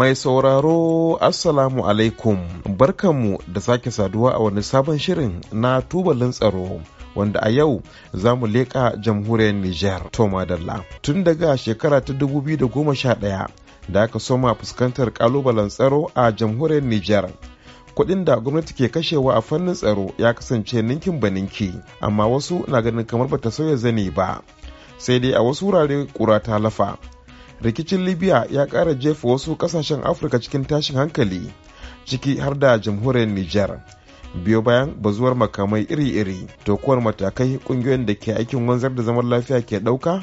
Mai sauraro Assalamu alaikum barkanmu da sake saduwa a wani sabon shirin na tubalin tsaro wanda a yau za mu leƙa jamhuriyar Nijar to madalla Tun daga shekara ta 2011 da aka soma fuskantar kalubalen tsaro a jamhuriyar Nijar. Kuɗin da gwamnati ke kashewa a fannin tsaro ya kasance ninkin baninki, amma wasu na ganin kamar bata sauya zane ba. Sai dai a wasu wurare kura ta lafa. rikicin libya ya kara jefa wasu kasashen afirka cikin tashin hankali ciki har da jamhuriyar niger biyo bayan bazuwar makamai iri-iri tokuwar matakai ƙungiyoyin da ke aikin wanzar da zaman lafiya ke ɗauka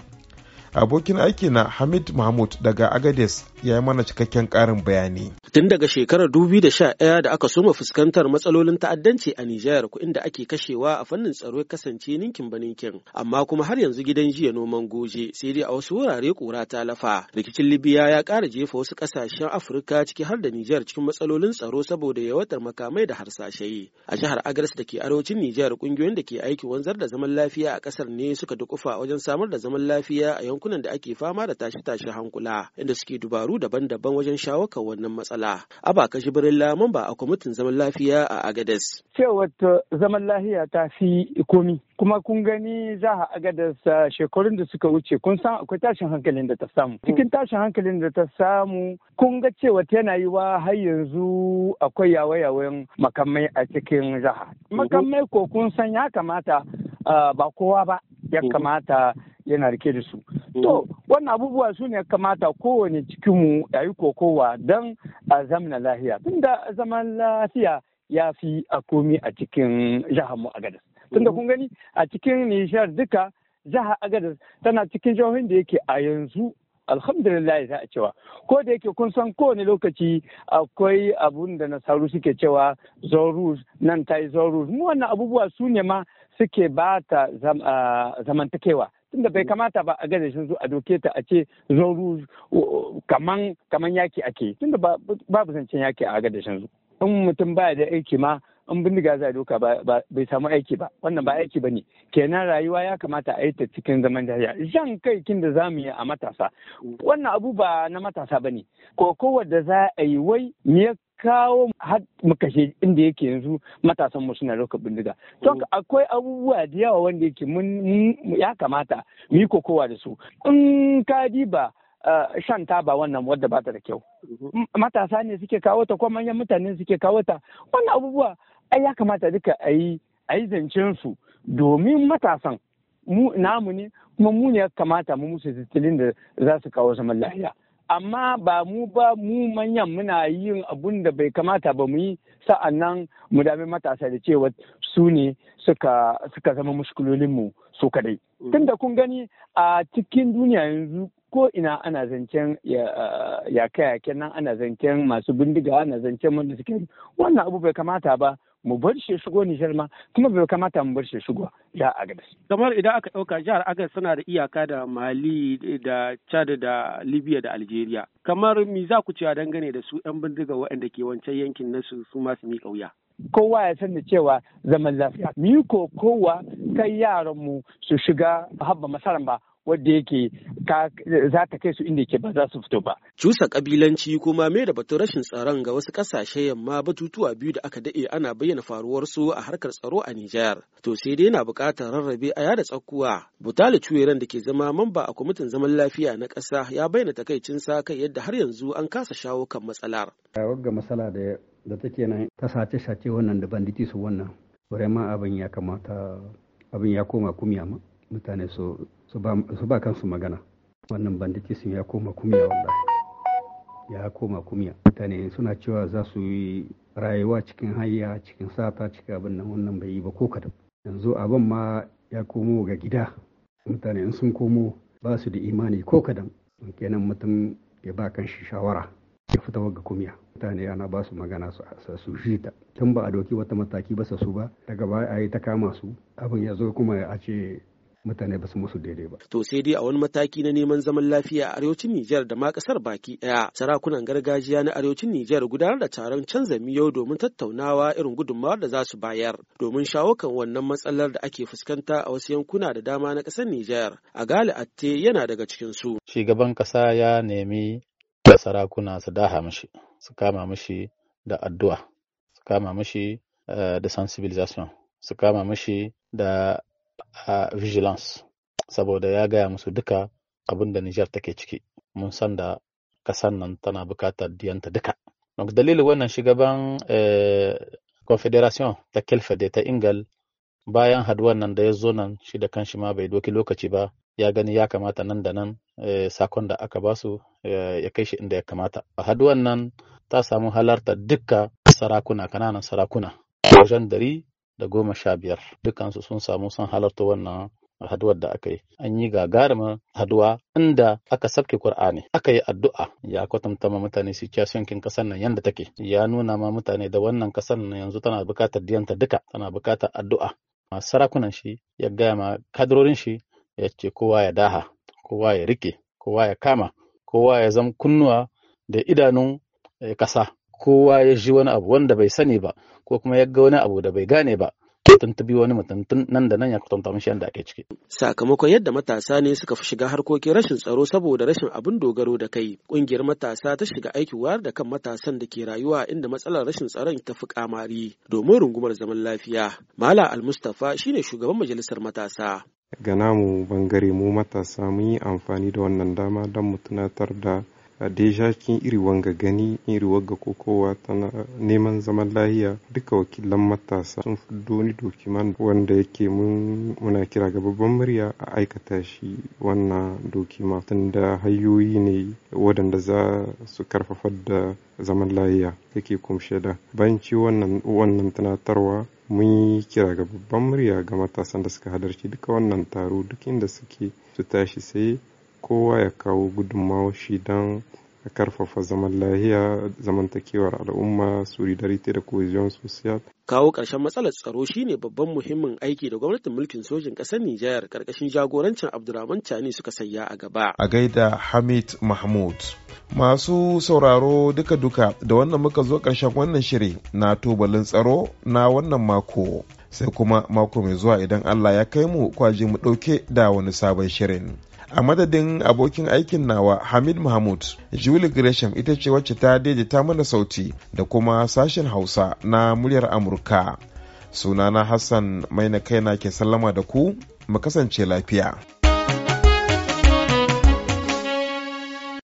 abokin aiki na hamid mahmud daga agades ya yi mana cikakken ƙarin bayani. Tun daga shekarar 2011 da sha ɗaya da aka soma fuskantar matsalolin ta'addanci a Nijar kuɗin da ake kashewa a fannin tsaro ya kasance ninkin baninkin amma kuma har yanzu gidan jiya noman goje sai dai a wasu wurare ƙura ta lafa. Rikicin Libya ya ƙara jefa wasu ƙasashen Afirka ciki har da Nijar cikin matsalolin tsaro saboda yawatar makamai da harsashe. A jihar Agres da ke arewacin Nijar ƙungiyoyin da ke aiki wanzar da zaman lafiya a ƙasar ne suka dukufa wajen samar da zaman lafiya a yankunan da ake fama da tashe tashi hankula inda suke dubaru dabaru daban-daban wajen shawo kan wannan matsala. Abaka Lamun ba a kwamitin zaman lafiya a Agades. Cewar zaman lafiya ta fi komi. Kuma kun gani za a Agades shekarun da suka wuce kun san akwai tashin hankalin da ta samu. Hmm. Cikin tashin hankalin da ta samu kun ga cewa yana yi wa har yanzu akwai yawayawan makamai a cikin jiha. Hmm. Makamai ko kun san ya kamata ba kowa ba ya hmm. kamata yana rike da su. To, mm-hmm. wannan abubuwa su ne kamata kowane cikinmu ya yi kokowa don a zamana lafiya Tunda zaman lafiya ya fi a komi a cikin jihar a Tunda mm-hmm. kun gani a cikin Nishar duka jihar Agadas tana cikin jihohin da yake a yanzu alhamdulillah za a cewa ko da yake kun san kowane lokaci akwai abun da nasaru suke cewa zorus nan ta yi zorus mu wannan abubuwa su ne ma suke ba ta zamantakewa tunda bai kamata ba a gaza sun zo a doke ta a ce zauru kaman kaman yaki ake tunda babu zancen yaki a gaza sun in mutum baya da aiki ma in bindiga za a doka bai samu aiki ba wannan ba aiki ba ne kenan rayuwa ya kamata a yi ta cikin zaman jariya jan kai kin da zamu yi a matasa wannan abu ba na matasa ba ne ko da za a yi wai me ya kawo har mu kashe inda yake yanzu matasan mu suna roka bindiga to mm. akwai abubuwa da yawa wanda yake mun ya kamata mu yi kokowa da su in ka diba shan taba wannan wadda ba ta da kyau mm-hmm. matasa ne suke kawo ta ko manyan mutane suke kawo ta wannan abubuwa ai ya kamata duka ayi yi a zancen su domin matasan mu namu ne kuma mu ne ya kamata mu musu tattalin da za su kawo zaman lafiya amma ba mu ba mu manyan muna yin abun da bai kamata ba mu yi nan mu dami matasa da cewa su ne suka zama muskulolinmu mu su kadai mm. tunda kun gani a cikin duniya yanzu ko ina ana zancen yaƙe kaya nan ana zancen masu bindiga ana zancen wanda suke wannan abu bai kamata ba mu bar shi shigo Nijar ma kuma bai kamata mu bar shi shigo ya Agadez. Kamar idan aka ɗauka jihar Agadez suna da iyaka da Mali da Chad da Libya da Algeria. Kamar mi za ku cewa dangane da su 'yan bindiga waɗanda ke wancan yankin nasu su masu miƙa wuya? kowa ya san sani cewa zaman lafiya mu kowa kai yaranmu su shiga habba masaran ba wadda yake za ta kai su inda yake ba za su fito ba. Cusa kabilanci kuma mai da batun rashin tsaron ga wasu kasashe yamma batutuwa biyu da aka daɗe ana bayyana faruwar su a harkar tsaro a Nijar. To sai dai na buƙatar rarrabe a yada tsakkuwa. Butali Cuyeran da ke zama mamba a kwamitin zaman lafiya na ƙasa ya bayyana takaicinsa kai yadda har yanzu an kasa shawo kan matsalar. Wagga matsala da da take nan ta sace sace wannan da banditi su wannan vraiment abin ya kamata abin ya koma kumiya ma mutane su ba kansu magana wannan banditi sun ya koma kumiya wanda ya koma kumiya mutane suna cewa za su yi rayuwa cikin hayya cikin sata cikin abin nan wannan bai yi ba ko kadan yanzu abin ma ya komo ga gida mutane in sun komo ba su da imani ko kadan kenan mutum ya ba kan shi shawara ya fita ga kumiya mutane ana ba su magana su jita. tun ba a doki wata mataki ba su ba daga baya a yi ta kama su abin ya zo kuma a ce mutane ba su musu daidai ba. To sai dai a wani mataki na neman zaman lafiya a arewacin Nijar da ma kasar baki ɗaya. Sarakunan gargajiya na arewacin Nijar gudanar da taron canza miyau domin tattaunawa irin gudunmawar da za su bayar domin shawo kan wannan matsalar da ake fuskanta a wasu yankuna da dama na kasar Nijar. A gali atte yana daga cikin su. Shugaban kasa ya nemi da sarakuna su daha mishi su kama mishi da addu'a su kama mishi eh, da sensibilisation su kama mishi da vigilance saboda ya gaya musu duka abin da Nijar take ciki mun san da kasan nan tana bukatar diyanta duka donc dalilin wannan shugaban eh, confederation ta kelfe ta ingal bayan haduwan nan da ya zo nan shi da kanshi ma bai doki lokaci ba ya gani ya kamata nan da nan eh, sakon da aka ba su eh, ya kai shi inda ya kamata haduwan nan ta samu halarta dukka sarakuna kananan sarakuna wajen dari da goma sha biyar dukansu sun samu sun halarta wannan haduwar da aka yi an yi gagarumar haduwa inda aka sabke kur'ani aka yi addu'a ya kwatanta ma mutane situation kin kasar nan yadda take ya nuna ma mutane da wannan kasar nan yanzu tana bukatar diyanta duka tana bukatar addu'a sarakunan shi ya gaya ma kadrorin shi ya ce kowa ya daha kowa ya rike kowa ya kama kowa ya zama kunnuwa da idanun eh, ƙasa kowa ya ji wani abu wanda bai sani ba ko kuma ya ga wani abu da bai gane ba tuntubi wani mutum nan da nan ya kwatanta mishi yadda ake ciki. Sakamakon yadda matasa ne suka fi shiga harkokin rashin tsaro saboda rashin abin dogaro da kai. ƙungiyar matasa ta shiga aiki wayar da kan matasan da ke rayuwa inda matsalar rashin tsaron ta fi kamari domin rungumar zaman lafiya. Mala al mustapha shi ne shugaban majalisar matasa. Ga namu bangare mu matasa mun yi amfani da wannan dama don mu tunatar da Adejakin iri wanga gani iri wanga kokowa ta neman zaman lahiya duka wakilan matasa sun fuddo ni dokiman wanda yake muna kira ga babban murya a aikata shi wannan tun da hayoyi ne waɗanda za su karfafa da zaman lahiya yake kumshe da banci wannan wannan tunatarwa mun yi kira ga babban murya ga matasan da suka halarci duka wannan taro duk inda suke su tashi sai kowa ya kawo gudunmawar shi don a karfafa zaman lahiya zamantakewar al'umma solidarity da cohesion social kawo karshen matsalar tsaro shine babban muhimmin aiki da gwamnatin mulkin sojin ƙasar Nijar ƙarƙashin jagorancin abdulrahman Chani suka sanya a gaba. A gaida Hamid Mahmud. Masu sauraro duka-duka da wannan muka zo karshen wannan shiri na tubalin tsaro na wannan mako. Sai kuma mako mai zuwa idan Allah ya kai mu kwaji mu ɗauke da wani sabon shirin. a madadin abokin aikin nawa hamid mahmud julie gresham ita ce wacce ta daidaita mana sauti da kuma sashen hausa na muryar amurka sunana hassan mai na kaina ke sallama da ku mu kasance lafiya